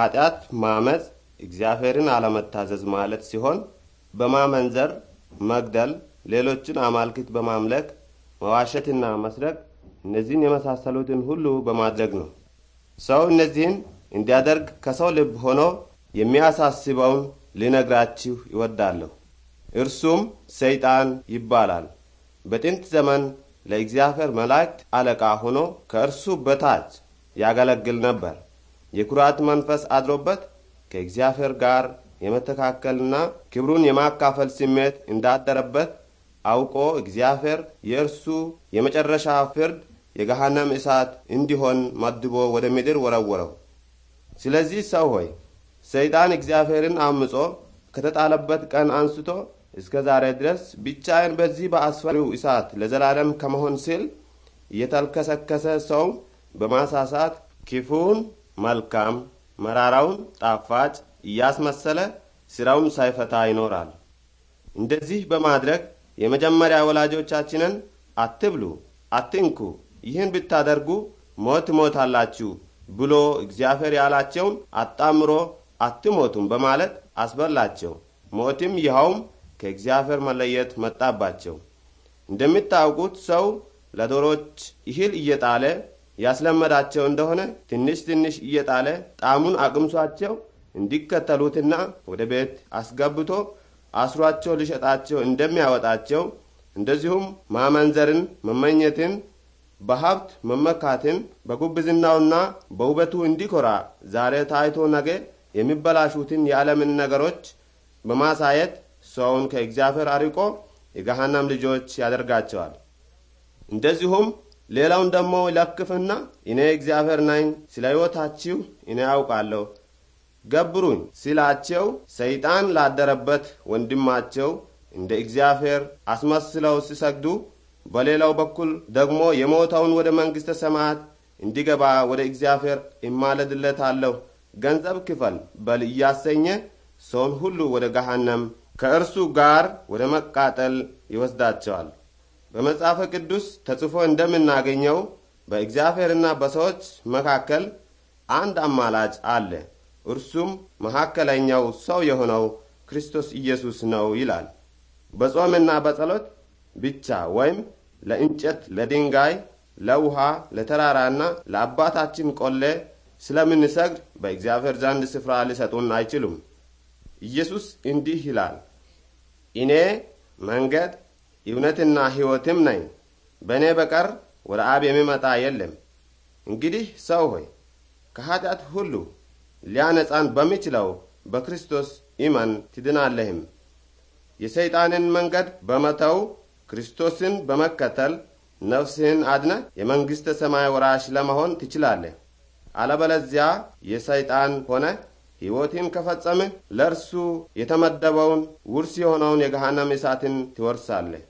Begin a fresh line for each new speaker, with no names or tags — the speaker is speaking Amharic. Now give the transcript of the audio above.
ኃጢአት ማመፅ እግዚአብሔርን አለመታዘዝ ማለት ሲሆን በማመንዘር መግደል፣ ሌሎችን አማልክት በማምለክ መዋሸትና መስረቅ እነዚህን የመሳሰሉትን ሁሉ በማድረግ ነው። ሰው እነዚህን እንዲያደርግ ከሰው ልብ ሆኖ የሚያሳስበውን ልነግራችሁ ይወዳለሁ። እርሱም ሰይጣን ይባላል። በጥንት ዘመን ለእግዚአብሔር መላእክት አለቃ ሆኖ ከእርሱ በታች ያገለግል ነበር። የኩራት መንፈስ አድሮበት ከእግዚአብሔር ጋር የመተካከልና ክብሩን የማካፈል ስሜት እንዳደረበት አውቆ እግዚአብሔር የእርሱ የመጨረሻ ፍርድ የገሃነም እሳት እንዲሆን መድቦ ወደ ምድር ወረወረው። ስለዚህ ሰው ሆይ ሰይጣን እግዚአብሔርን አምጾ ከተጣለበት ቀን አንስቶ እስከ ዛሬ ድረስ ብቻዬን በዚህ በአስፈሪው እሳት ለዘላለም ከመሆን ሲል እየተልከሰከሰ ሰው በማሳሳት ክፉን መልካም መራራውን ጣፋጭ እያስመሰለ ሥራውም ሳይፈታ ይኖራል። እንደዚህ በማድረግ የመጀመሪያ ወላጆቻችንን አትብሉ፣ አትንኩ፣ ይህን ብታደርጉ ሞት ሞታላችሁ ብሎ እግዚአብሔር ያላቸውን አጣምሮ አትሞቱም በማለት አስበላቸው። ሞትም ይኸውም ከእግዚአብሔር መለየት መጣባቸው። እንደሚታወቁት ሰው ለዶሮች እህል እየጣለ ያስለመዳቸው እንደሆነ ትንሽ ትንሽ እየጣለ ጣዕሙን አቅምሷቸው እንዲከተሉትና ወደ ቤት አስገብቶ አስሯቸው ሊሸጣቸው እንደሚያወጣቸው እንደዚሁም ማመንዘርን፣ መመኘትን፣ በሀብት መመካትን፣ በጉብዝናውና በውበቱ እንዲኮራ ዛሬ ታይቶ ነገ የሚበላሹትን የዓለምን ነገሮች በማሳየት ሰውን ከእግዚአብሔር አርቆ የገሃናም ልጆች ያደርጋቸዋል። እንደዚሁም ሌላውን ደግሞ ይለክፍና እኔ እግዚአብሔር ነኝ፣ ስለ ሕይወታችሁ እኔ አውቃለሁ ገብሩኝ ሲላቸው ሰይጣን ላደረበት ወንድማቸው እንደ እግዚአብሔር አስመስለው ሲሰግዱ፣ በሌላው በኩል ደግሞ የሞተውን ወደ መንግሥተ ሰማያት እንዲገባ ወደ እግዚአብሔር እማለድለታለሁ ገንዘብ ክፈል በል እያሰኘ ሰውን ሁሉ ወደ ገሃነም ከእርሱ ጋር ወደ መቃጠል ይወስዳቸዋል። በመጽሐፈ ቅዱስ ተጽፎ እንደምናገኘው በእግዚአብሔርና በሰዎች መካከል አንድ አማላጭ አለ፣ እርሱም መካከለኛው ሰው የሆነው ክርስቶስ ኢየሱስ ነው ይላል። በጾምና በጸሎት ብቻ ወይም ለእንጨት፣ ለድንጋይ፣ ለውሃ፣ ለተራራና ለአባታችን ቆሌ ስለምንሰግድ በእግዚአብሔር ዘንድ ስፍራ ሊሰጡን አይችሉም። ኢየሱስ እንዲህ ይላል፣ እኔ መንገድ እውነትና ሕይወትም ነኝ፣ በእኔ በቀር ወደ አብ የሚመጣ የለም። እንግዲህ ሰው ሆይ ከኀጢአት ሁሉ ሊያነጻን በሚችለው በክርስቶስ ኢመን ትድናለህም። የሰይጣንን መንገድ በመተው ክርስቶስን በመከተል ነፍስህን አድነ የመንግሥተ ሰማይ ወራሽ ለመሆን ትችላለህ። አለበለዚያ የሰይጣን ሆነ ሕይወትን ከፈጸምህ ለእርሱ የተመደበውን ውርስ የሆነውን የገሃነም እሳትን ትወርሳለህ።